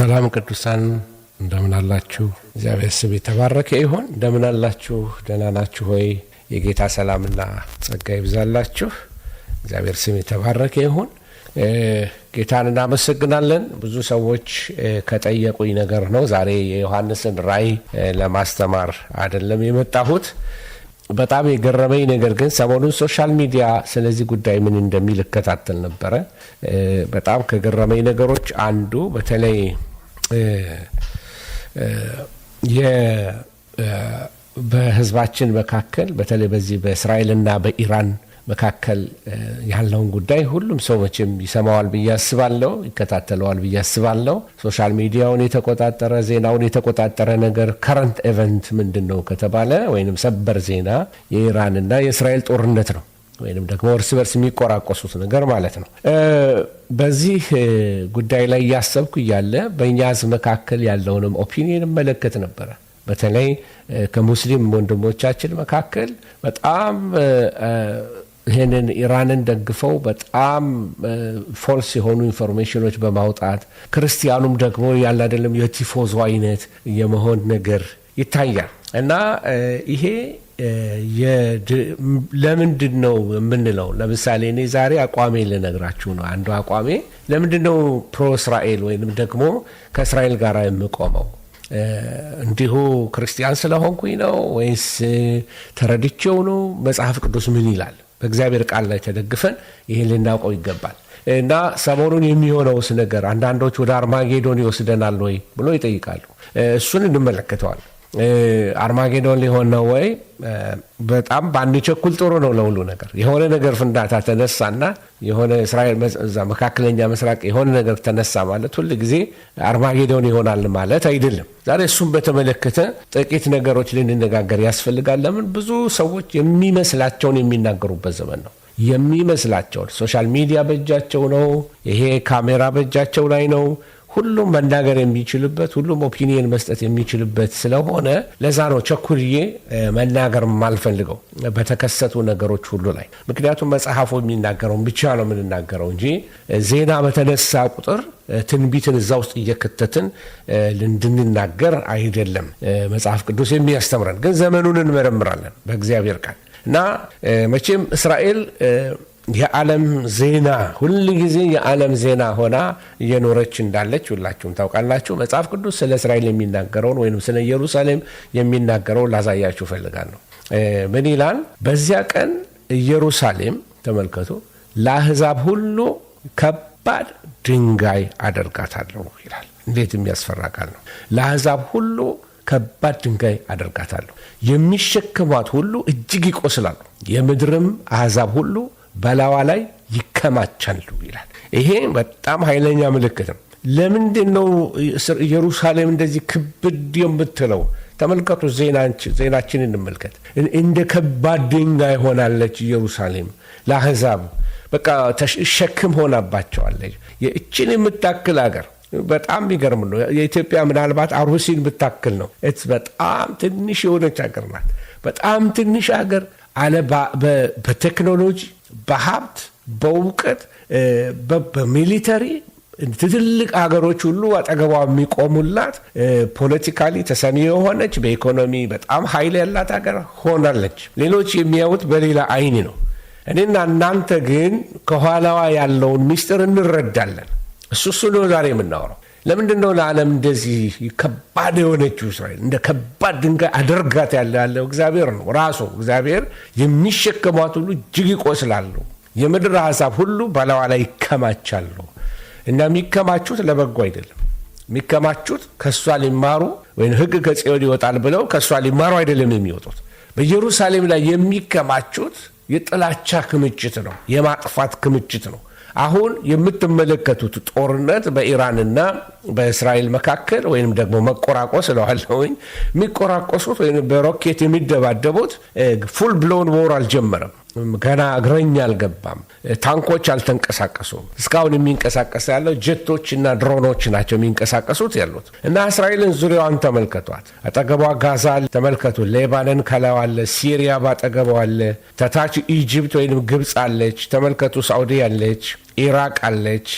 ሰላም ቅዱሳን እንደምን አላችሁ? እግዚአብሔር ስም የተባረከ ይሆን። እንደምን አላችሁ? ደህና ናችሁ ሆይ? የጌታ ሰላምና ጸጋ ይብዛላችሁ። እግዚአብሔር ስም የተባረከ ይሁን። ጌታን እናመሰግናለን። ብዙ ሰዎች ከጠየቁኝ ነገር ነው። ዛሬ የዮሐንስን ራእይ ለማስተማር አይደለም የመጣሁት። በጣም የገረመኝ ነገር ግን ሰሞኑን ሶሻል ሚዲያ ስለዚህ ጉዳይ ምን እንደሚል እከታተል ነበረ። በጣም ከገረመኝ ነገሮች አንዱ በተለይ በህዝባችን መካከል በተለይ በዚህ በእስራኤልና በኢራን መካከል ያለውን ጉዳይ ሁሉም ሰው መቼም ይሰማዋል ብዬ አስባለሁ፣ ይከታተለዋል ብዬ አስባለሁ። ሶሻል ሚዲያውን የተቆጣጠረ ዜናውን የተቆጣጠረ ነገር ከረንት ኤቨንት ምንድን ነው ከተባለ ወይም ሰበር ዜና የኢራንና የእስራኤል ጦርነት ነው፣ ወይም ደግሞ እርስ በርስ የሚቆራቆሱት ነገር ማለት ነው። በዚህ ጉዳይ ላይ እያሰብኩ እያለ በእኛ መካከል ያለውንም ኦፒኒየን እመለከት ነበረ። በተለይ ከሙስሊም ወንድሞቻችን መካከል በጣም ይህንን ኢራንን ደግፈው በጣም ፎልስ የሆኑ ኢንፎርሜሽኖች በማውጣት ክርስቲያኑም ደግሞ ያለ አይደለም የቲፎዞ አይነት የመሆን ነገር ይታያል እና ይሄ ለምንድን ነው የምንለው? ለምሳሌ እኔ ዛሬ አቋሜ ልነግራችሁ ነው። አንዱ አቋሜ ለምንድን ነው ፕሮ እስራኤል ወይንም ደግሞ ከእስራኤል ጋር የምቆመው? እንዲሁ ክርስቲያን ስለሆንኩኝ ነው ወይስ ተረድቼው ነው? መጽሐፍ ቅዱስ ምን ይላል? በእግዚአብሔር ቃል ላይ ተደግፈን ይህን ልናውቀው ይገባል። እና ሰሞኑን የሚሆነውስ ነገር አንዳንዶች ወደ አርማጌዶን ይወስደናል ወይ ብሎ ይጠይቃሉ። እሱን እንመለከተዋል። አርማጌዶን ሊሆን ነው ወይ? በጣም ቸኩል ጥሩ ነው ለሁሉ ነገር። የሆነ ነገር ፍንዳታ ተነሳና የሆነ እስራኤል እዛ መካከለኛ ምስራቅ የሆነ ነገር ተነሳ ማለት ሁል ጊዜ አርማጌዶን ይሆናል ማለት አይደለም። ዛሬ እሱም በተመለከተ ጥቂት ነገሮች ልንነጋገር ያስፈልጋል። ለምን ብዙ ሰዎች የሚመስላቸውን የሚናገሩበት ዘመን ነው የሚመስላቸውን ሶሻል ሚዲያ በእጃቸው ነው። ይሄ ካሜራ በእጃቸው ላይ ነው። ሁሉም መናገር የሚችልበት ሁሉም ኦፒኒየን መስጠት የሚችልበት ስለሆነ ለዛ ነው ቸኩልዬ መናገር ማልፈልገው በተከሰቱ ነገሮች ሁሉ ላይ። ምክንያቱም መጽሐፉ የሚናገረውን ብቻ ነው የምንናገረው እንጂ ዜና በተነሳ ቁጥር ትንቢትን እዛ ውስጥ እየከተትን እንድንናገር አይደለም መጽሐፍ ቅዱስ የሚያስተምረን። ግን ዘመኑን እንመረምራለን በእግዚአብሔር ቃል እና መቼም እስራኤል የዓለም ዜና ሁል ጊዜ የዓለም ዜና ሆና እየኖረች እንዳለች ሁላችሁም ታውቃላችሁ። መጽሐፍ ቅዱስ ስለ እስራኤል የሚናገረውን ወይም ስለ ኢየሩሳሌም የሚናገረውን ላሳያችሁ እፈልጋለሁ። ምን ይላል? በዚያ ቀን ኢየሩሳሌም ተመልከቱ፣ ለአሕዛብ ሁሉ ከባድ ድንጋይ አደርጋታለሁ ይላል። እንዴት የሚያስፈራ ቃል ነው! ለአሕዛብ ሁሉ ከባድ ድንጋይ አደርጋታለሁ፣ የሚሸከሟት ሁሉ እጅግ ይቆስላሉ፣ የምድርም አሕዛብ ሁሉ በላዋ ላይ ይከማቻሉ ይላል። ይሄ በጣም ኃይለኛ ምልክት ነው። ለምንድን ነው ኢየሩሳሌም እንደዚህ ክብድ የምትለው? ተመልከቱ፣ ዜናችን እንመልከት። እንደ ከባድ ድንጋይ ሆናለች ኢየሩሳሌም ለአሕዛብ በቃ ሸክም ሆናባቸዋለች። የእችን የምታክል አገር በጣም የሚገርም ነው። የኢትዮጵያ ምናልባት አርሁሲን ብታክል ነው። በጣም ትንሽ የሆነች ሀገር ናት። በጣም ትንሽ ሀገር አለ በቴክኖሎጂ በሀብት በእውቀት በሚሊተሪ ትልልቅ ሀገሮች ሁሉ አጠገቧ የሚቆሙላት ፖለቲካሊ ተሰኒ የሆነች በኢኮኖሚ በጣም ሀይል ያላት ሀገር ሆናለች። ሌሎች የሚያዩት በሌላ አይን ነው። እኔና እናንተ ግን ከኋላዋ ያለውን ሚስጥር እንረዳለን። እሱ እሱ ነው ዛሬ የምናወራው። ለምንድን ነው ለዓለም እንደዚህ ከባድ የሆነችው እስራኤል እንደ ከባድ ድንጋይ አደርጋት ያለ ያለው እግዚአብሔር ነው ራሱ እግዚአብሔር የሚሸከሟት ሁሉ እጅግ ይቆስላሉ የምድር ሀሳብ ሁሉ በላዋ ላይ ይከማቻሉ እና የሚከማቹት ለበጎ አይደለም የሚከማቹት ከእሷ ሊማሩ ወይም ህግ ከጽዮን ይወጣል ብለው ከእሷ ሊማሩ አይደለም የሚወጡት በኢየሩሳሌም ላይ የሚከማቹት የጥላቻ ክምችት ነው የማጥፋት ክምችት ነው አሁን የምትመለከቱት ጦርነት በኢራንና በእስራኤል መካከል ወይም ደግሞ መቆራቆስ እለዋለሁኝ የሚቆራቆሱት ወይም በሮኬት የሚደባደቡት ፉል ብሎን ወር አልጀመረም። ገና እግረኛ አልገባም። ታንኮች አልተንቀሳቀሱም። እስካሁን የሚንቀሳቀስ ያለው ጀቶች እና ድሮኖች ናቸው የሚንቀሳቀሱት ያሉት እና እስራኤልን ዙሪያዋን ተመልከቷት። አጠገቧ ጋዛ ተመልከቱ፣ ሌባነን ከላዋ አለ፣ ሲሪያ ባጠገቧ አለ፣ ተታች ኢጅፕት ወይም ግብፅ አለች። ተመልከቱ፣ ሳዑዲ አለች፣ ኢራቅ አለች።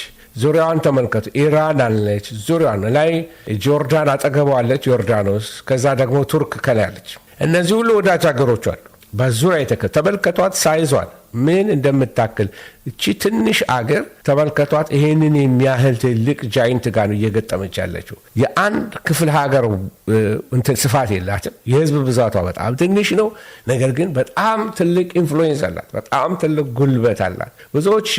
ዙሪያዋን ተመልከቱ። ኢራን አለች፣ ዙሪያዋን ላይ ጆርዳን አጠገቧ አለች፣ ዮርዳኖስ። ከዛ ደግሞ ቱርክ ከላይ አለች። እነዚህ ሁሉ ወዳጅ ሀገሮች አሉ። በዙሪያ የተከ ተመልከቷት ሳይዟል ምን እንደምታክል እቺ ትንሽ አገር ተመልከቷት። ይሄንን የሚያህል ትልቅ ጃይንት ጋር ነው እየገጠመች ያለችው። የአንድ ክፍል ሀገር እንትን ስፋት የላትም። የህዝብ ብዛቷ በጣም ትንሽ ነው። ነገር ግን በጣም ትልቅ ኢንፍሉዌንስ አላት። በጣም ትልቅ ጉልበት አላት። ብዙዎች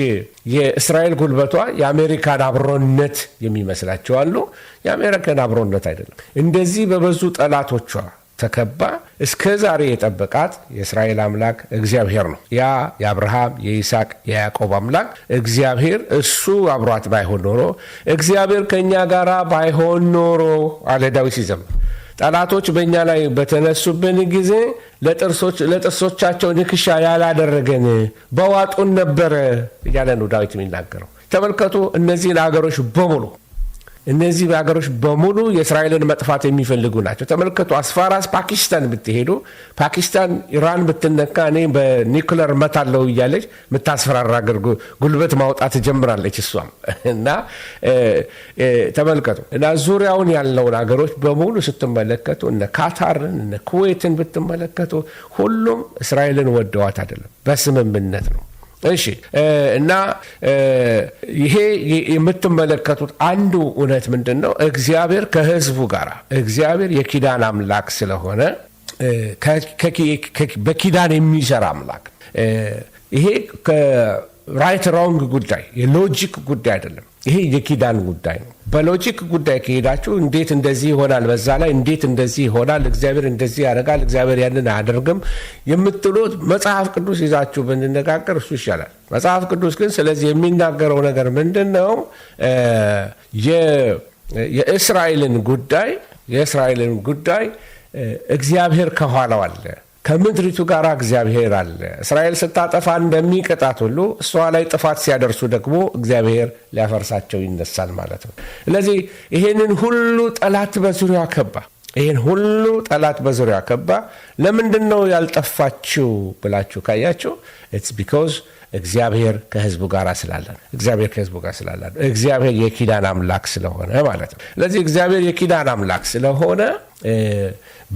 የእስራኤል ጉልበቷ የአሜሪካን አብሮነት የሚመስላቸው አሉ። የአሜሪካን አብሮነት አይደለም። እንደዚህ በበዙ ጠላቶቿ ተከባ እስከ ዛሬ የጠበቃት የእስራኤል አምላክ እግዚአብሔር ነው። ያ የአብርሃም የይስሐቅ የያዕቆብ አምላክ እግዚአብሔር እሱ አብሯት ባይሆን ኖሮ እግዚአብሔር ከእኛ ጋር ባይሆን ኖሮ አለ ዳዊት ሲዘምር። ጠላቶች በእኛ ላይ በተነሱብን ጊዜ ለጥርሶቻቸው ንክሻ ያላደረገን በዋጡን ነበረ እያለ ነው ዳዊት የሚናገረው። ተመልከቱ እነዚህን አገሮች በሙሉ እነዚህ ሀገሮች በሙሉ የእስራኤልን መጥፋት የሚፈልጉ ናቸው። ተመልከቱ፣ አስፋራስ ፓኪስታን ብትሄዱ ፓኪስታን ኢራን ብትነካ እኔ በኒኩለር መታለው እያለች የምታስፈራራ ሀገር ጉልበት ማውጣት ጀምራለች እሷም እና ተመልከቱ እና ዙሪያውን ያለውን ሀገሮች በሙሉ ስትመለከቱ እነ ካታርን እነ ኩዌትን ብትመለከቱ ሁሉም እስራኤልን ወደዋት አይደለም፣ በስምምነት ነው። እሺ እና ይሄ የምትመለከቱት አንዱ እውነት ምንድን ነው? እግዚአብሔር ከህዝቡ ጋር እግዚአብሔር የኪዳን አምላክ ስለሆነ በኪዳን የሚሰራ አምላክ ይሄ ራይት ሮንግ ጉዳይ የሎጂክ ጉዳይ አይደለም። ይሄ የኪዳን ጉዳይ ነው። በሎጂክ ጉዳይ ከሄዳችሁ እንዴት እንደዚህ ይሆናል፣ በዛ ላይ እንዴት እንደዚህ ይሆናል፣ እግዚአብሔር እንደዚህ ያደርጋል፣ እግዚአብሔር ያንን አያደርግም የምትሉት መጽሐፍ ቅዱስ ይዛችሁ ብንነጋገር እሱ ይሻላል። መጽሐፍ ቅዱስ ግን ስለዚህ የሚናገረው ነገር ምንድን ነው? የእስራኤልን ጉዳይ የእስራኤልን ጉዳይ እግዚአብሔር ከኋላው አለ ከምድሪቱ ጋር እግዚአብሔር አለ። እስራኤል ስታጠፋ እንደሚቀጣት ሁሉ እሷ ላይ ጥፋት ሲያደርሱ ደግሞ እግዚአብሔር ሊያፈርሳቸው ይነሳል ማለት ነው። ስለዚህ ይህንን ሁሉ ጠላት በዙሪያ ከባ ይህን ሁሉ ጠላት በዙሪያ ከባ ለምንድን ነው ያልጠፋችው ብላችሁ ካያችሁ ኢትስ ቢኮዝ እግዚአብሔር ከህዝቡ ጋር ስላለን እግዚአብሔር ከህዝቡ ጋር ስላለን እግዚአብሔር የኪዳን አምላክ ስለሆነ ማለት ነው። ስለዚህ እግዚአብሔር የኪዳን አምላክ ስለሆነ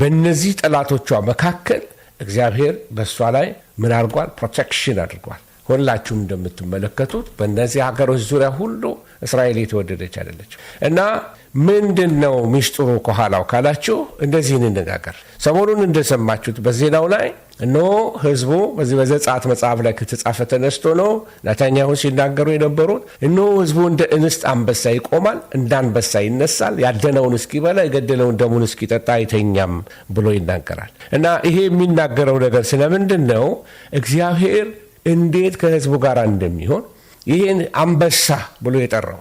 በእነዚህ ጠላቶቿ መካከል እግዚአብሔር በእሷ ላይ ምን አድርጓል? ፕሮቴክሽን አድርጓል። ሁላችሁም እንደምትመለከቱት በእነዚህ ሀገሮች ዙሪያ ሁሉ እስራኤል የተወደደች አይደለችም። እና ምንድን ነው ሚስጥሩ ከኋላው ካላችሁ እንደዚህ እንነጋገር። ሰሞኑን እንደሰማችሁት በዜናው ላይ እኖ ህዝቡ በዚህ በዘጸአት መጽሐፍ ላይ ከተጻፈ ተነስቶ ነው ናታንያሁ ሲናገሩ የነበሩት። እኖ ህዝቡ እንደ እንስት አንበሳ ይቆማል፣ እንደ አንበሳ ይነሳል፣ ያደነውን እስኪበላ የገደለውን ደሙን እስኪጠጣ አይተኛም ብሎ ይናገራል። እና ይሄ የሚናገረው ነገር ስለምንድን ነው? እግዚአብሔር እንዴት ከህዝቡ ጋር እንደሚሆን ይህን አንበሳ ብሎ የጠራው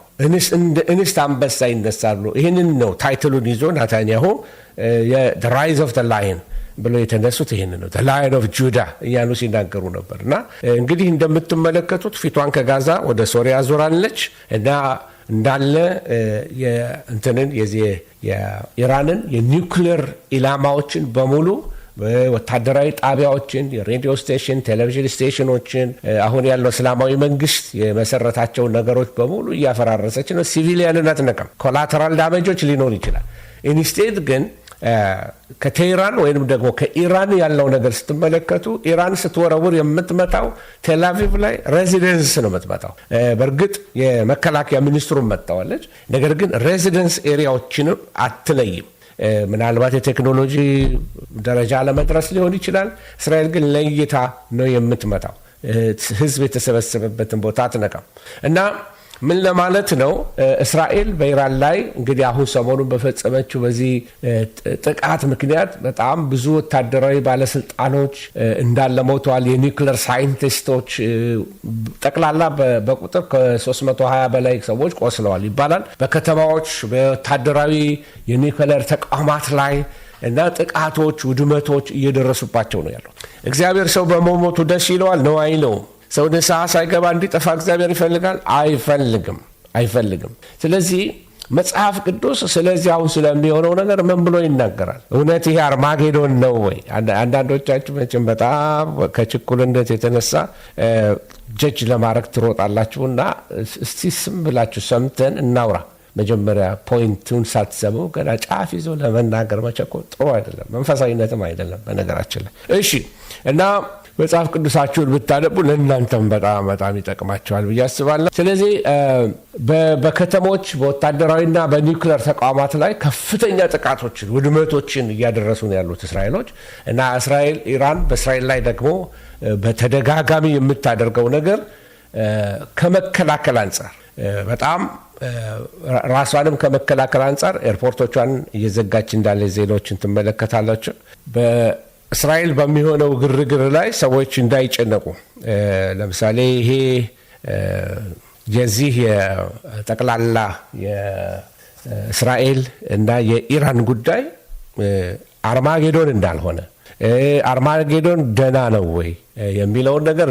እንስት አንበሳ ይነሳሉ። ይህንን ነው ታይትሉን ይዞ ናታንያሁ ራይዝ ኦፍ ላይን ብሎ የተነሱት ይህን ነው። ላይን ኦፍ ጁዳ እያሉ ሲናገሩ ነበር። እና እንግዲህ እንደምትመለከቱት ፊቷን ከጋዛ ወደ ሶሪያ ዞራለች እና እንዳለ እንትንን የዚህ የኢራንን የኒውክሌር ኢላማዎችን በሙሉ ወታደራዊ ጣቢያዎችን፣ የሬዲዮ ስቴሽን፣ ቴሌቪዥን ስቴሽኖችን አሁን ያለው እስላማዊ መንግስት የመሰረታቸውን ነገሮች በሙሉ እያፈራረሰች ነው። ሲቪሊያንን አትነቀም። ኮላተራል ዳመጆች ሊኖር ይችላል። ኢንስቴት ግን ከቴህራን ወይም ደግሞ ከኢራን ያለው ነገር ስትመለከቱ ኢራን ስትወረውር የምትመጣው ቴላቪቭ ላይ ሬዚደንስ ነው የምትመጣው። በእርግጥ የመከላከያ ሚኒስትሩን መጥተዋለች። ነገር ግን ሬዚደንስ ኤሪያዎችንም አትለይም። ምናልባት የቴክኖሎጂ ደረጃ ለመድረስ ሊሆን ይችላል። እስራኤል ግን ለእይታ ነው የምትመጣው። ህዝብ የተሰበሰበበትን ቦታ አትነቃም እና ምን ለማለት ነው? እስራኤል በኢራን ላይ እንግዲህ አሁን ሰሞኑን በፈጸመችው በዚህ ጥቃት ምክንያት በጣም ብዙ ወታደራዊ ባለስልጣኖች እንዳለ ሞተዋል። ሳይንቲስቶች ጠቅላላ በቁጥር ከ320 በላይ ሰዎች ቆስለዋል ይባላል። በከተማዎች በወታደራዊ የኒውክለር ተቋማት ላይ እና ጥቃቶች፣ ውድመቶች እየደረሱባቸው ነው ያለው። እግዚአብሔር ሰው በመሞቱ ደስ ይለዋል ነው አይለውም? ሰው ንስሐ ሳይገባ እንዲጠፋ እግዚአብሔር ይፈልጋል አይፈልግም አይፈልግም ስለዚህ መጽሐፍ ቅዱስ ስለዚህ አሁን ስለሚሆነው ነገር ምን ብሎ ይናገራል እውነት ይሄ አርማጌዶን ነው ወይ አንዳንዶቻችሁ መቼም በጣም ከችኩልነት የተነሳ ጀጅ ለማድረግ ትሮጣላችሁና እስቲ ስም ብላችሁ ሰምተን እናውራ መጀመሪያ ፖይንቱን ሳትሰሙ ገና ጫፍ ይዞ ለመናገር መቸኮ ጥሩ አይደለም መንፈሳዊነትም አይደለም በነገራችን ላይ እሺ እና መጽሐፍ ቅዱሳችሁን ብታነቡ ለእናንተም በጣም በጣም ይጠቅማቸዋል ብዬ አስባለሁ። ስለዚህ በከተሞች በወታደራዊና በኒውክለር ተቋማት ላይ ከፍተኛ ጥቃቶችን፣ ውድመቶችን እያደረሱ ነው ያሉት እስራኤሎች እና እስራኤል ኢራን በእስራኤል ላይ ደግሞ በተደጋጋሚ የምታደርገው ነገር ከመከላከል አንጻር በጣም ራሷንም ከመከላከል አንጻር ኤርፖርቶቿን እየዘጋች እንዳለ ዜናዎችን ትመለከታላቸው። እስራኤል በሚሆነው ግርግር ላይ ሰዎች እንዳይጨነቁ ለምሳሌ ይሄ የዚህ የጠቅላላ የእስራኤል እና የኢራን ጉዳይ አርማጌዶን እንዳልሆነ አርማጌዶን ደና ነው ወይ የሚለውን ነገር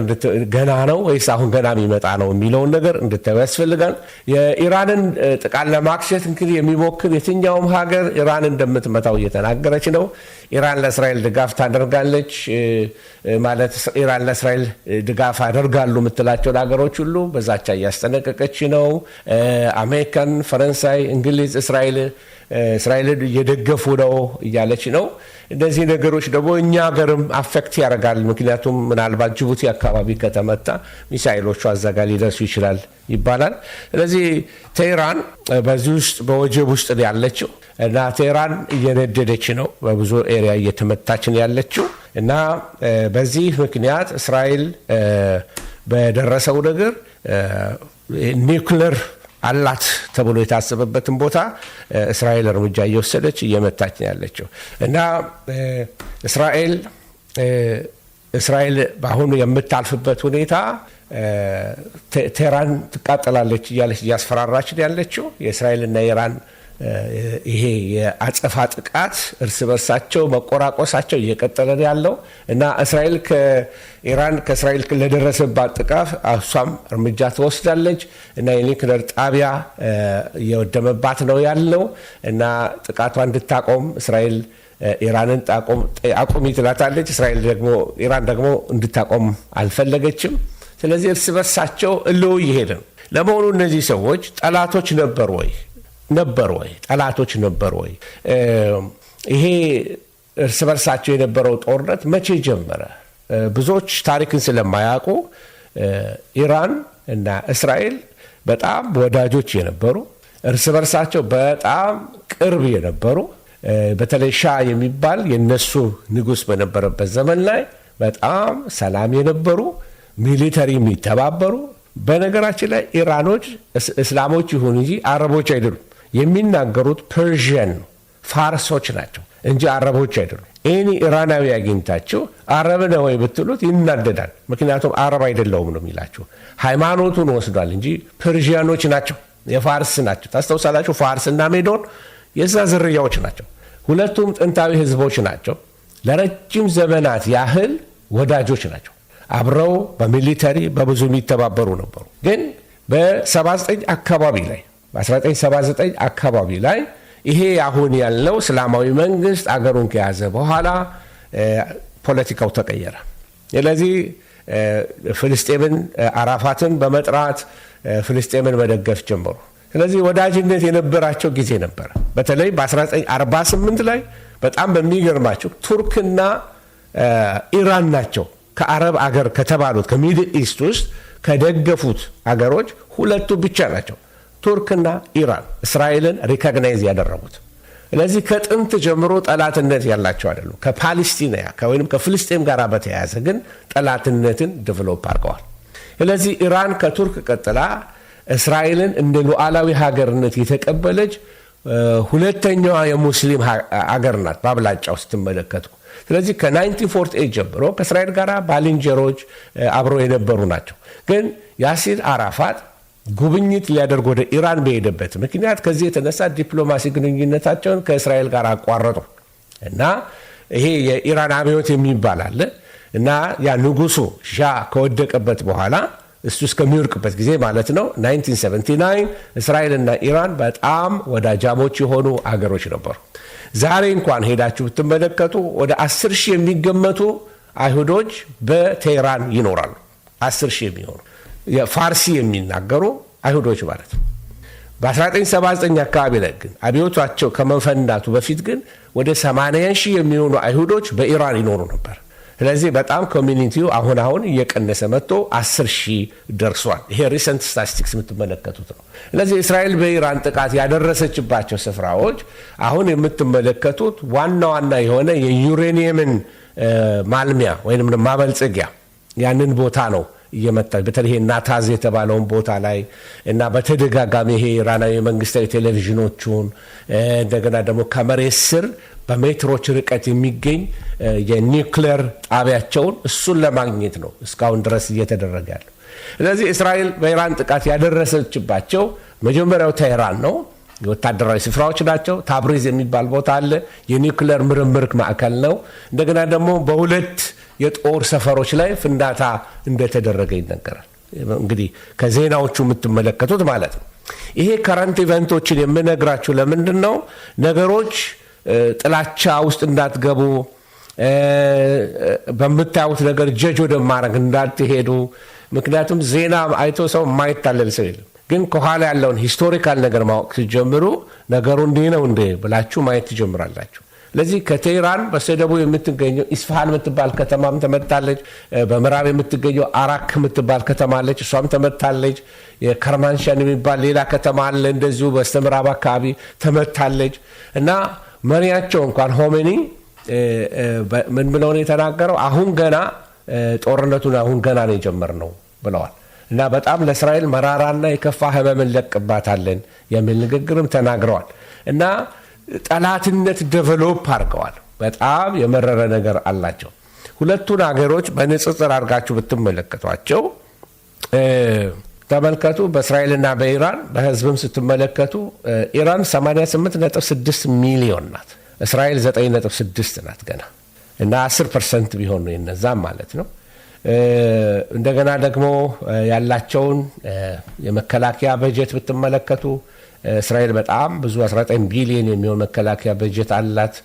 ገና ነው ወይስ አሁን ገና የሚመጣ ነው የሚለውን ነገር እንድታዩ ያስፈልጋል። የኢራንን ጥቃት ለማክሸት እንግዲህ የሚሞክር የትኛውም ሀገር ኢራን እንደምትመታው እየተናገረች ነው። ኢራን ለእስራኤል ድጋፍ ታደርጋለች ማለት ኢራን ለእስራኤል ድጋፍ አደርጋሉ የምትላቸውን ሀገሮች ሁሉ በዛቻ እያስጠነቀቀች ነው። አሜሪካን፣ ፈረንሳይ፣ እንግሊዝ እስራኤል እስራኤልን እየደገፉ ነው እያለች ነው። እነዚህ ነገሮች ደግሞ እኛ ሀገርም አፌክት ያደርጋል ምክንያቱም ምናልባት ጅቡቲ አካባቢ ከተመታ ሚሳይሎቹ አዛጋ ሊደርሱ ይችላል ይባላል። ስለዚህ ቴህራን በዚህ ውስጥ በወጀብ ውስጥ ያለችው እና ቴህራን እየነደደች ነው፣ በብዙ ኤሪያ እየተመታች ነው ያለችው እና በዚህ ምክንያት እስራኤል በደረሰው ነገር ኒውክለር አላት ተብሎ የታሰበበትን ቦታ እስራኤል እርምጃ እየወሰደች እየመታች ነው ያለችው እና እስራኤል እስራኤል በአሁኑ የምታልፍበት ሁኔታ ቴህራን ትቃጠላለች እያለች እያስፈራራችን ያለችው የእስራኤልና የኢራን ይሄ የአጸፋ ጥቃት እርስ በርሳቸው መቆራቆሳቸው እየቀጠለ ያለው እና እስራኤል ከኢራን ከእስራኤል ለደረሰባት ጥቃት እሷም እርምጃ ትወስዳለች እና የኒክለር ጣቢያ እየወደመባት ነው ያለው እና ጥቃቷ እንድታቆም እስራኤል ኢራንን አቁሚ ትላታለች። እስራኤል ደግሞ ኢራን ደግሞ እንድታቆም አልፈለገችም። ስለዚህ እርስ በርሳቸው እልው እየሄደ ነው። ለመሆኑ እነዚህ ሰዎች ጠላቶች ነበር ወይ? ነበር ወይ? ጠላቶች ነበር ወይ? ይሄ እርስ በርሳቸው የነበረው ጦርነት መቼ ጀመረ? ብዙዎች ታሪክን ስለማያውቁ ኢራን እና እስራኤል በጣም ወዳጆች የነበሩ እርስ በርሳቸው በጣም ቅርብ የነበሩ በተለይ ሻ የሚባል የነሱ ንጉሥ በነበረበት ዘመን ላይ በጣም ሰላም የነበሩ ሚሊተሪ የሚተባበሩ በነገራችን ላይ ኢራኖች እስላሞች ይሁን እንጂ አረቦች አይደሉም። የሚናገሩት ፐርዥን ፋርሶች ናቸው እንጂ አረቦች አይደሉም። ኤኒ ኢራናዊ አግኝታችሁ አረብ ነህ ወይ ብትሉት ይናደዳል። ምክንያቱም አረብ አይደለውም ነው የሚላችሁ። ሃይማኖቱን ወስዷል እንጂ ፐርዥያኖች ናቸው፣ የፋርስ ናቸው። ታስታውሳላችሁ፣ ፋርስ እና ሜዶን የዛ ዝርያዎች ናቸው። ሁለቱም ጥንታዊ ህዝቦች ናቸው። ለረጅም ዘመናት ያህል ወዳጆች ናቸው። አብረው በሚሊተሪ በብዙ የሚተባበሩ ነበሩ። ግን በ79 አካባቢ ላይ በ1979 አካባቢ ላይ ይሄ አሁን ያለው እስላማዊ መንግስት አገሩን ከያዘ በኋላ ፖለቲካው ተቀየረ። ስለዚህ ፍልስጤምን አራፋትን በመጥራት ፍልስጤምን መደገፍ ጀመሩ። ስለዚህ ወዳጅነት የነበራቸው ጊዜ ነበረ። በተለይ በ1948 ላይ በጣም በሚገርማቸው ቱርክና ኢራን ናቸው ከአረብ አገር ከተባሉት ከሚድል ኢስት ውስጥ ከደገፉት አገሮች ሁለቱ ብቻ ናቸው ቱርክና ኢራን እስራኤልን ሪኮግናይዝ ያደረጉት። ስለዚህ ከጥንት ጀምሮ ጠላትነት ያላቸው አይደሉም። ከፓሌስቲና ወይም ከፍልስጤም ጋር በተያያዘ ግን ጠላትነትን ዴቨሎፕ አድርገዋል። ስለዚህ ኢራን ከቱርክ ቀጥላ እስራኤልን እንደ ሉዓላዊ ሀገርነት የተቀበለች ሁለተኛዋ የሙስሊም አገር ናት በአብላጫው ስትመለከቱ። ስለዚህ ከ1948 ጀምሮ ከእስራኤል ጋር ባልንጀሮች አብረው የነበሩ ናቸው። ግን ያሲር አራፋት ጉብኝት ሊያደርግ ወደ ኢራን በሄደበት ምክንያት ከዚህ የተነሳ ዲፕሎማሲ ግንኙነታቸውን ከእስራኤል ጋር አቋረጡ እና ይሄ የኢራን አብዮት የሚባል አለ እና ያ ንጉሱ ሻ ከወደቀበት በኋላ እሱ እስከሚወርቅበት ጊዜ ማለት ነው 1979 እስራኤልና ኢራን በጣም ወዳጃሞች የሆኑ አገሮች ነበሩ። ዛሬ እንኳን ሄዳችሁ ብትመለከቱ ወደ 10 ሺህ የሚገመቱ አይሁዶች በቴህራን ይኖራሉ። 10 ሺህ የሚሆኑ ፋርሲ የሚናገሩ አይሁዶች ማለት ነው። በ1979 አካባቢ ላይ ግን አብዮቷቸው ከመፈንዳቱ በፊት ግን ወደ 80 ሺህ የሚሆኑ አይሁዶች በኢራን ይኖሩ ነበር። ስለዚህ በጣም ኮሚኒቲው አሁን አሁን እየቀነሰ መጥቶ 10 ሺህ ደርሷል። ይሄ ሪሰንት ስታቲስቲክስ የምትመለከቱት ነው። ስለዚህ እስራኤል በኢራን ጥቃት ያደረሰችባቸው ስፍራዎች አሁን የምትመለከቱት ዋና ዋና የሆነ የዩሬኒየምን ማልሚያ ወይም ማበልጸጊያ ያንን ቦታ ነው እየመጣች በተለይ ናታዝ የተባለውን ቦታ ላይ እና በተደጋጋሚ ይሄ ኢራናዊ መንግስታዊ ቴሌቪዥኖቹን እንደገና ደግሞ ከመሬት ስር በሜትሮች ርቀት የሚገኝ የኒውክሌር ጣቢያቸውን እሱን ለማግኘት ነው እስካሁን ድረስ እየተደረገ ያለ። ስለዚህ እስራኤል በኢራን ጥቃት ያደረሰችባቸው መጀመሪያው ቴህራን ነው። ወታደራዊ ስፍራዎች ናቸው። ታብሪዝ የሚባል ቦታ አለ፣ የኒውክሌር ምርምር ማዕከል ነው። እንደገና ደግሞ በሁለት የጦር ሰፈሮች ላይ ፍንዳታ እንደተደረገ ይነገራል። እንግዲህ ከዜናዎቹ የምትመለከቱት ማለት ነው። ይሄ ከረንት ኢቨንቶችን የምነግራችሁ ለምንድን ነው? ነገሮች ጥላቻ ውስጥ እንዳትገቡ በምታዩት ነገር ጀጅ ወደ ማድረግ እንዳትሄዱ። ምክንያቱም ዜና አይቶ ሰው የማይታለል ሰው የለም። ግን ከኋላ ያለውን ሂስቶሪካል ነገር ማወቅ ሲጀምሩ ነገሩ እንዲህ ነው እንዴ ብላችሁ ማየት ትጀምራላችሁ። ለዚህ ከቴህራን በስተደቡብ የምትገኘው ኢስፋሃን የምትባል ከተማም ተመታለች። በምዕራብ የምትገኘው አራክ የምትባል ከተማ አለች፣ እሷም ተመታለች። የከርማንሻን የሚባል ሌላ ከተማ አለ፣ እንደዚሁ በስተምዕራብ አካባቢ ተመታለች። እና መሪያቸው እንኳን ሆሜኒ ምን ብለው ነው የተናገረው? አሁን ገና ጦርነቱን አሁን ገና ነው የጀመርነው ብለዋል። እና በጣም ለእስራኤል መራራና የከፋ ህመም እንለቅባታለን የሚል ንግግርም ተናግረዋል እና ጠላትነት ደቨሎፕ አድርገዋል። በጣም የመረረ ነገር አላቸው። ሁለቱን ሀገሮች በንጽጽር አድርጋችሁ ብትመለከቷቸው ተመልከቱ። በእስራኤልና በኢራን በህዝብም ስትመለከቱ ኢራን 88.6 ሚሊዮን ናት። እስራኤል 9.6 ናት ገና እና 10 ፐርሰንት ቢሆን ነው የነዛም ማለት ነው። እንደገና ደግሞ ያላቸውን የመከላከያ በጀት ብትመለከቱ እስራኤል በጣም ብዙ 19 ቢሊዮን የሚሆን መከላከያ በጀት አላት።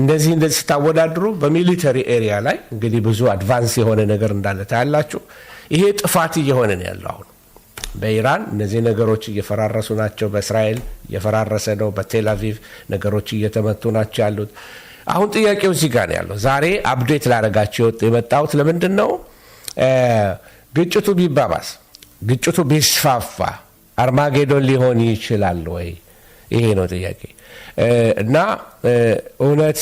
እንደዚህ እንደዚህ ስታወዳድሩ በሚሊተሪ ኤሪያ ላይ እንግዲህ ብዙ አድቫንስ የሆነ ነገር እንዳለ ታያላችሁ። ይሄ ጥፋት እየሆነ ነው ያለው አሁን በኢራን እነዚህ ነገሮች እየፈራረሱ ናቸው። በእስራኤል እየፈራረሰ ነው። በቴል አቪቭ ነገሮች እየተመቱ ናቸው ያሉት። አሁን ጥያቄው እዚህ ጋር ነው ያለው። ዛሬ አፕዴት ላደርጋቸው የመጣሁት ለምንድን ነው ግጭቱ ቢባባስ ግጭቱ ቢስፋፋ አርማጌዶን ሊሆን ይችላል ወይ? ይሄ ነው ጥያቄ እና እውነት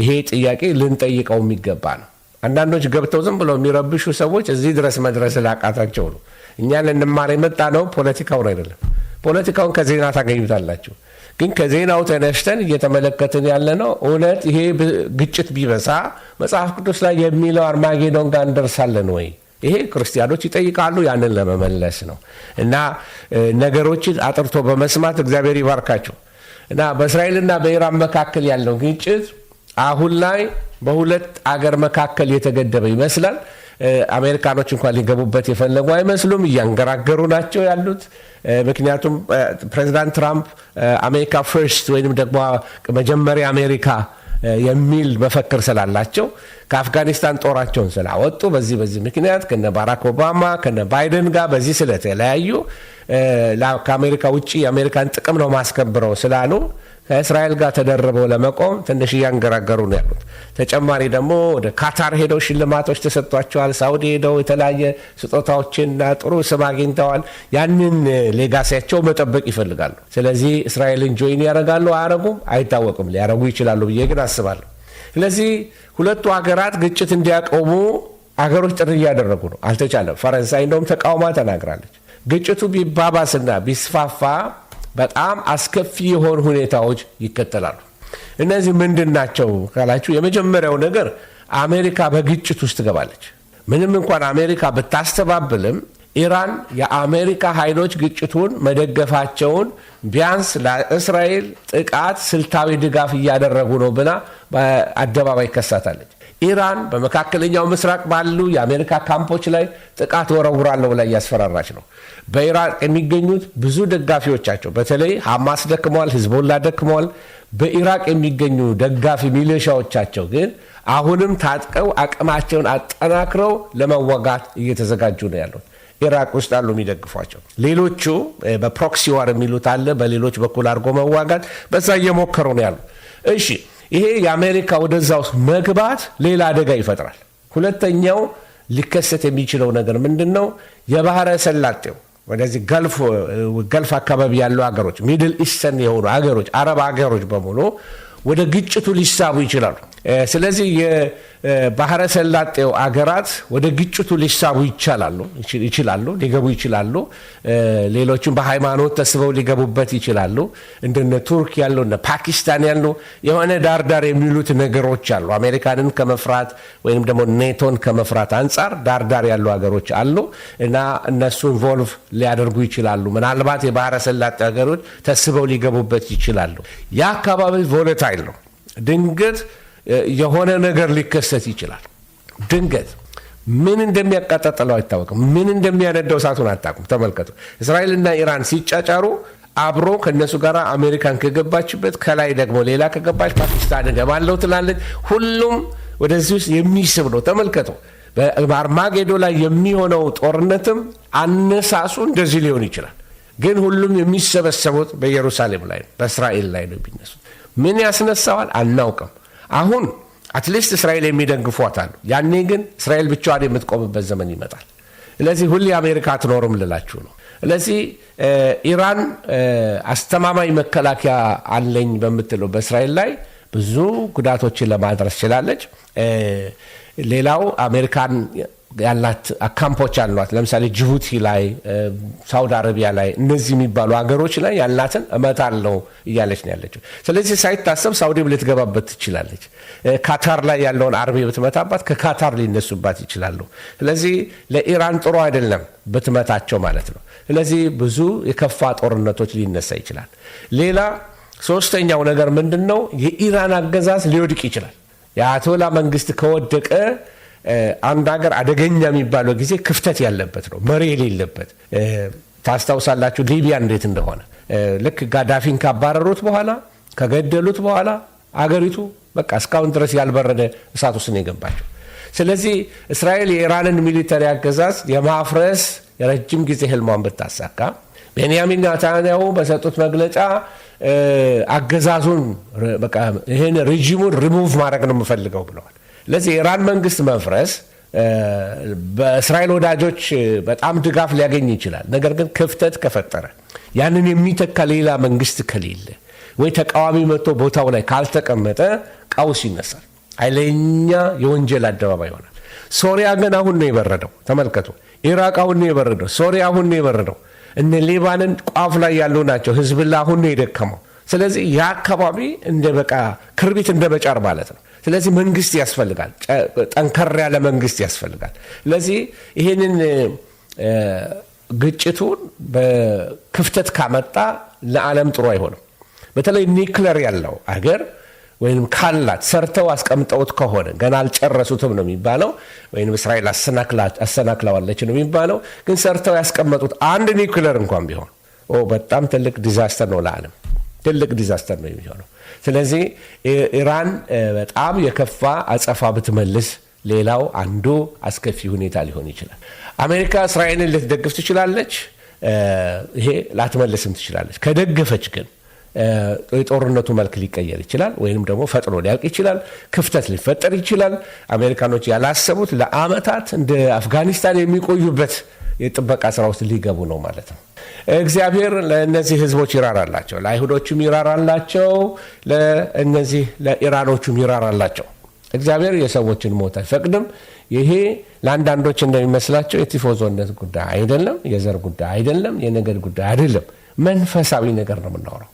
ይሄ ጥያቄ ልንጠይቀው የሚገባ ነው። አንዳንዶች ገብተው ዝም ብለው የሚረብሹ ሰዎች እዚህ ድረስ መድረስ ላቃታቸው ነው። እኛ ልንማር የመጣ ነው ፖለቲካውን አይደለም። ፖለቲካውን ከዜና ታገኙታላችሁ። ግን ከዜናው ተነሽተን እየተመለከትን ያለ ነው እውነት ይሄ ግጭት ቢበሳ መጽሐፍ ቅዱስ ላይ የሚለው አርማጌዶን ጋር እንደርሳለን ወይ ይሄ ክርስቲያኖች ይጠይቃሉ። ያንን ለመመለስ ነው እና ነገሮችን አጥርቶ በመስማት እግዚአብሔር ይባርካቸው እና በእስራኤልና በኢራን መካከል ያለው ግጭት አሁን ላይ በሁለት አገር መካከል የተገደበ ይመስላል። አሜሪካኖች እንኳን ሊገቡበት የፈለጉ አይመስሉም። እያንገራገሩ ናቸው ያሉት። ምክንያቱም ፕሬዚዳንት ትራምፕ አሜሪካ ፈርስት ወይም ደግሞ መጀመሪያ አሜሪካ የሚል መፈክር ስላላቸው ከአፍጋኒስታን ጦራቸውን ስላወጡ በዚህ በዚህ ምክንያት ከነ ባራክ ኦባማ ከነ ባይደን ጋር በዚህ ስለተለያዩ ከአሜሪካ ውጭ የአሜሪካን ጥቅም ነው ማስከብረው ስላሉ ከእስራኤል ጋር ተደርበው ለመቆም ትንሽ እያንገራገሩ ነው ያሉት። ተጨማሪ ደግሞ ወደ ካታር ሄደው ሽልማቶች ተሰጥቷቸዋል። ሳውዲ ሄደው የተለያየ ስጦታዎችና ጥሩ ስም አግኝተዋል። ያንን ሌጋሲያቸው መጠበቅ ይፈልጋሉ። ስለዚህ እስራኤልን ጆይን ያደርጋሉ አያረጉም፣ አይታወቅም። ሊያረጉ ይችላሉ ብዬ ግን አስባለሁ። ስለዚህ ሁለቱ ሀገራት ግጭት እንዲያቆሙ አገሮች ጥሪ እያደረጉ ነው። አልተቻለም። ፈረንሳይ እንደውም ተቃውማ ተናግራለች። ግጭቱ ቢባባስና ቢስፋፋ በጣም አስከፊ የሆኑ ሁኔታዎች ይከተላሉ። እነዚህ ምንድን ናቸው ካላችሁ፣ የመጀመሪያው ነገር አሜሪካ በግጭት ውስጥ ትገባለች። ምንም እንኳን አሜሪካ ብታስተባብልም ኢራን የአሜሪካ ኃይሎች ግጭቱን መደገፋቸውን ቢያንስ ለእስራኤል ጥቃት ስልታዊ ድጋፍ እያደረጉ ነው ብላ በአደባባይ ከሳታለች። ኢራን በመካከለኛው ምስራቅ ባሉ የአሜሪካ ካምፖች ላይ ጥቃት ወረውራለሁ ላይ እያስፈራራች ነው። በኢራቅ የሚገኙት ብዙ ደጋፊዎቻቸው በተለይ ሐማስ ደክመዋል፣ ህዝቦላ ደክመዋል። በኢራቅ የሚገኙ ደጋፊ ሚሊሻዎቻቸው ግን አሁንም ታጥቀው አቅማቸውን አጠናክረው ለመዋጋት እየተዘጋጁ ነው ያሉት። ኢራቅ ውስጥ አሉ የሚደግፏቸው ሌሎቹ በፕሮክሲ ዋር የሚሉት አለ። በሌሎች በኩል አድርጎ መዋጋት በዛ እየሞከሩ ነው ያሉ። እሺ ይሄ የአሜሪካ ወደዛ ውስጥ መግባት ሌላ አደጋ ይፈጥራል። ሁለተኛው ሊከሰት የሚችለው ነገር ምንድን ነው? የባህረ ሰላጤው ወደዚህ ገልፍ አካባቢ ያሉ ሀገሮች፣ ሚድል ኢስተን የሆኑ ሀገሮች፣ አረብ ሀገሮች በሙሉ ወደ ግጭቱ ሊሳቡ ይችላሉ። ስለዚህ ባህረ ሰላጤው አገራት ወደ ግጭቱ ሊሳቡ ይቻላሉ ይችላሉ ሊገቡ ይችላሉ። ሌሎችም በሃይማኖት ተስበው ሊገቡበት ይችላሉ። እንደነ ቱርክ ያሉ እነ ፓኪስታን ያሉ የሆነ ዳርዳር የሚሉት ነገሮች አሉ። አሜሪካንን ከመፍራት ወይም ደግሞ ኔቶን ከመፍራት አንጻር ዳርዳር ያሉ ሀገሮች አሉ እና እነሱ ኢንቮልቭ ሊያደርጉ ይችላሉ። ምናልባት የባህረ ሰላጤ ሀገሮች ተስበው ሊገቡበት ይችላሉ። የአካባቢ ቮለታይል ነው ድንገት የሆነ ነገር ሊከሰት ይችላል። ድንገት ምን እንደሚያቃጣጥለው አይታወቅም። ምን እንደሚያነዳው እሳቱን አታውቅም። ተመልከቱ፣ እስራኤልና ኢራን ሲጫጫሩ አብሮ ከነሱ ጋር አሜሪካን ከገባችበት ከላይ ደግሞ ሌላ ከገባች ፓኪስታን እገባለሁ ትላለች። ሁሉም ወደዚህ ውስጥ የሚስብ ነው። ተመልከቱ፣ በአርማጌዶ ላይ የሚሆነው ጦርነትም አነሳሱ እንደዚህ ሊሆን ይችላል። ግን ሁሉም የሚሰበሰቡት በኢየሩሳሌም ላይ ነው፣ በእስራኤል ላይ ነው የሚነሱት። ምን ያስነሳዋል አናውቅም። አሁን አትሊስት እስራኤል የሚደግፏት ያኔ ግን እስራኤል ብቻዋን የምትቆምበት ዘመን ይመጣል። ስለዚህ ሁሌ አሜሪካ አትኖርም ልላችሁ ነው። ስለዚህ ኢራን አስተማማኝ መከላከያ አለኝ በምትለው በእስራኤል ላይ ብዙ ጉዳቶችን ለማድረስ ችላለች። ሌላው አሜሪካን ያላት ካምፖች አሏት። ለምሳሌ ጅቡቲ ላይ፣ ሳውዲ አረቢያ ላይ እነዚህ የሚባሉ ሀገሮች ላይ ያላትን እመታለሁ እያለች ነው ያለችው። ስለዚህ ሳይታሰብ ሳውዲም ልትገባበት ትችላለች። ካታር ላይ ያለውን አርሜ ብትመታባት ከካታር ሊነሱባት ይችላሉ። ስለዚህ ለኢራን ጥሩ አይደለም ብትመታቸው ማለት ነው። ስለዚህ ብዙ የከፋ ጦርነቶች ሊነሳ ይችላል። ሌላ ሶስተኛው ነገር ምንድን ነው? የኢራን አገዛዝ ሊወድቅ ይችላል። የአያቶላ መንግስት ከወደቀ አንድ ሀገር አደገኛ የሚባለው ጊዜ ክፍተት ያለበት ነው፣ መሪ የሌለበት። ታስታውሳላችሁ ሊቢያ እንዴት እንደሆነ። ልክ ጋዳፊን ካባረሩት በኋላ ከገደሉት በኋላ አገሪቱ በቃ እስካሁን ድረስ ያልበረደ እሳት ውስጥ ነው የገባቸው። ስለዚህ እስራኤል የኢራንን ሚሊተሪ አገዛዝ የማፍረስ የረጅም ጊዜ ህልሟን ብታሳካ ቤንያሚን ናታንያሁ በሰጡት መግለጫ አገዛዙን ይህን ሬጂሙን ሪሙቭ ማድረግ ነው የምፈልገው ብለዋል። ለዚህ የኢራን መንግስት መፍረስ በእስራኤል ወዳጆች በጣም ድጋፍ ሊያገኝ ይችላል። ነገር ግን ክፍተት ከፈጠረ ያንን የሚተካ ሌላ መንግስት ከሌለ ወይ ተቃዋሚ መጥቶ ቦታው ላይ ካልተቀመጠ ቀውስ ይነሳል። ኃይለኛ የወንጀል አደባባይ ይሆናል። ሶሪያ ግን አሁን ነው የበረደው። ተመልከቱ። ኢራቅ አሁን ነው የበረደው። ሶሪያ አሁን ነው የበረደው። እነ ሊባንን ቋፍ ላይ ያሉ ናቸው። ህዝብላ አሁን ነው የደከመው። ስለዚህ ያ አካባቢ እንደ በቃ ክርቢት እንደ መጫር ማለት ነው። ስለዚህ መንግስት ያስፈልጋል፣ ጠንከር ያለ መንግስት ያስፈልጋል። ስለዚህ ይህንን ግጭቱን በክፍተት ካመጣ ለዓለም ጥሩ አይሆንም። በተለይ ኒክለር ያለው አገር ወይም ካላት ሰርተው አስቀምጠውት ከሆነ ገና አልጨረሱትም ነው የሚባለው፣ ወይም እስራኤል አሰናክለዋለች ነው የሚባለው። ግን ሰርተው ያስቀመጡት አንድ ኒክለር እንኳን ቢሆን በጣም ትልቅ ዲዛስተር ነው ለዓለም። ትልቅ ዲዛስተር ነው የሚሆነው። ስለዚህ ኢራን በጣም የከፋ አጸፋ ብትመልስ ሌላው አንዱ አስከፊ ሁኔታ ሊሆን ይችላል። አሜሪካ እስራኤልን ልትደግፍ ትችላለች። ይሄ ላትመልስም ትችላለች። ከደገፈች ግን የጦርነቱ መልክ ሊቀየር ይችላል፣ ወይም ደግሞ ፈጥኖ ሊያልቅ ይችላል። ክፍተት ሊፈጠር ይችላል። አሜሪካኖች ያላሰቡት ለአመታት እንደ አፍጋኒስታን የሚቆዩበት የጥበቃ ስራ ውስጥ ሊገቡ ነው ማለት ነው። እግዚአብሔር ለእነዚህ ህዝቦች ይራራላቸው፣ ለአይሁዶቹም ይራራላቸው፣ ለእነዚህ ለኢራኖቹም ይራራላቸው። እግዚአብሔር የሰዎችን ሞት አይፈቅድም። ይሄ ለአንዳንዶች እንደሚመስላቸው የቲፎዞነት ጉዳይ አይደለም፣ የዘር ጉዳይ አይደለም፣ የነገድ ጉዳይ አይደለም። መንፈሳዊ ነገር ነው የምናወራው።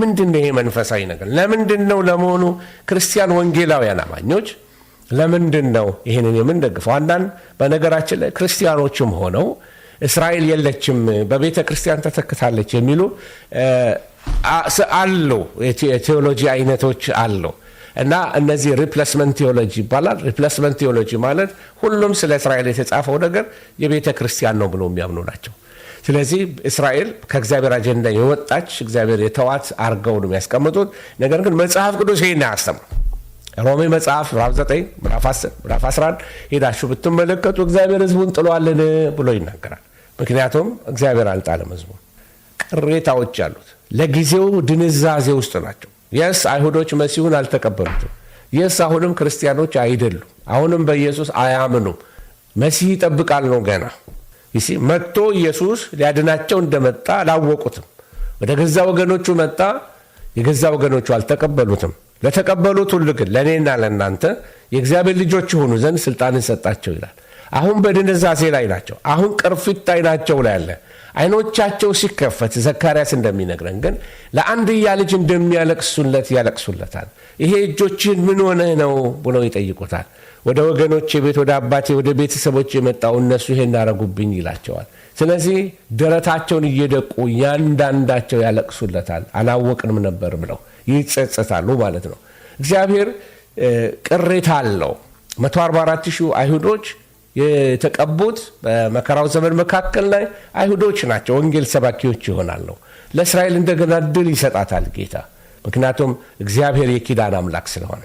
ምንድን ነው ይሄ መንፈሳዊ ነገር? ለምንድን ነው ለመሆኑ ክርስቲያን ወንጌላውያን አማኞች ለምንድን ነው ይህንን የምንደግፈው? አንዳንድ በነገራችን ላይ ክርስቲያኖችም ሆነው እስራኤል የለችም በቤተ ክርስቲያን ተተክታለች የሚሉ አሉ። የቴዎሎጂ አይነቶች አሉ እና እነዚህ ሪፕሌስመንት ቴዎሎጂ ይባላል። ሪፕሌስመንት ቴዎሎጂ ማለት ሁሉም ስለ እስራኤል የተጻፈው ነገር የቤተ ክርስቲያን ነው ብሎ የሚያምኑ ናቸው። ስለዚህ እስራኤል ከእግዚአብሔር አጀንዳ የወጣች እግዚአብሔር የተዋት አርገው ነው የሚያስቀምጡት። ነገር ግን መጽሐፍ ቅዱስ ይህን አያስተምሩ ሮሜ መጽሐፍ ምዕራፍ 9 ምዕራፍ 10 ምዕራፍ 11 ሄዳችሁ ብትመለከቱ እግዚአብሔር ህዝቡን ጥሏልን ብሎ ይናገራል። ምክንያቱም እግዚአብሔር አልጣለም ሕዝቡን። ቅሬታዎች አሉት። ለጊዜው ድንዛዜ ውስጥ ናቸው። የስ አይሁዶች መሲሁን አልተቀበሉትም። የስ አሁንም ክርስቲያኖች አይደሉም። አሁንም በኢየሱስ አያምኑም። መሲህ ይጠብቃል ነው ገና መጥቶ ኢየሱስ ሊያድናቸው እንደመጣ አላወቁትም። ወደ ገዛ ወገኖቹ መጣ። የገዛ ወገኖቹ አልተቀበሉትም። ለተቀበሉት ሁሉ ግን ለእኔና ለእናንተ የእግዚአብሔር ልጆች የሆኑ ዘንድ ስልጣንን ሰጣቸው ይላል። አሁን በድንዛዜ ላይ ናቸው። አሁን ቅርፊት አይናቸው ላይ አለ። አይኖቻቸው ሲከፈት ዘካርያስ እንደሚነግረን ግን ለአንድያ ልጅ እንደሚያለቅሱለት ያለቅሱለታል። ይሄ እጆችን ምን ሆነ ነው ብለው ይጠይቁታል። ወደ ወገኖች ቤት፣ ወደ አባቴ፣ ወደ ቤተሰቦች የመጣው እነሱ ይሄ እናረጉብኝ ይላቸዋል። ስለዚህ ደረታቸውን እየደቁ እያንዳንዳቸው ያለቅሱለታል። አላወቅንም ነበር ብለው ይጸጸታሉ ማለት ነው። እግዚአብሔር ቅሬታ አለው። 144 ሺህ አይሁዶች የተቀቡት በመከራው ዘመን መካከል ላይ አይሁዶች ናቸው። ወንጌል ሰባኪዎች ይሆናሉ። ለእስራኤል እንደገና ድል ይሰጣታል ጌታ፣ ምክንያቱም እግዚአብሔር የኪዳን አምላክ ስለሆነ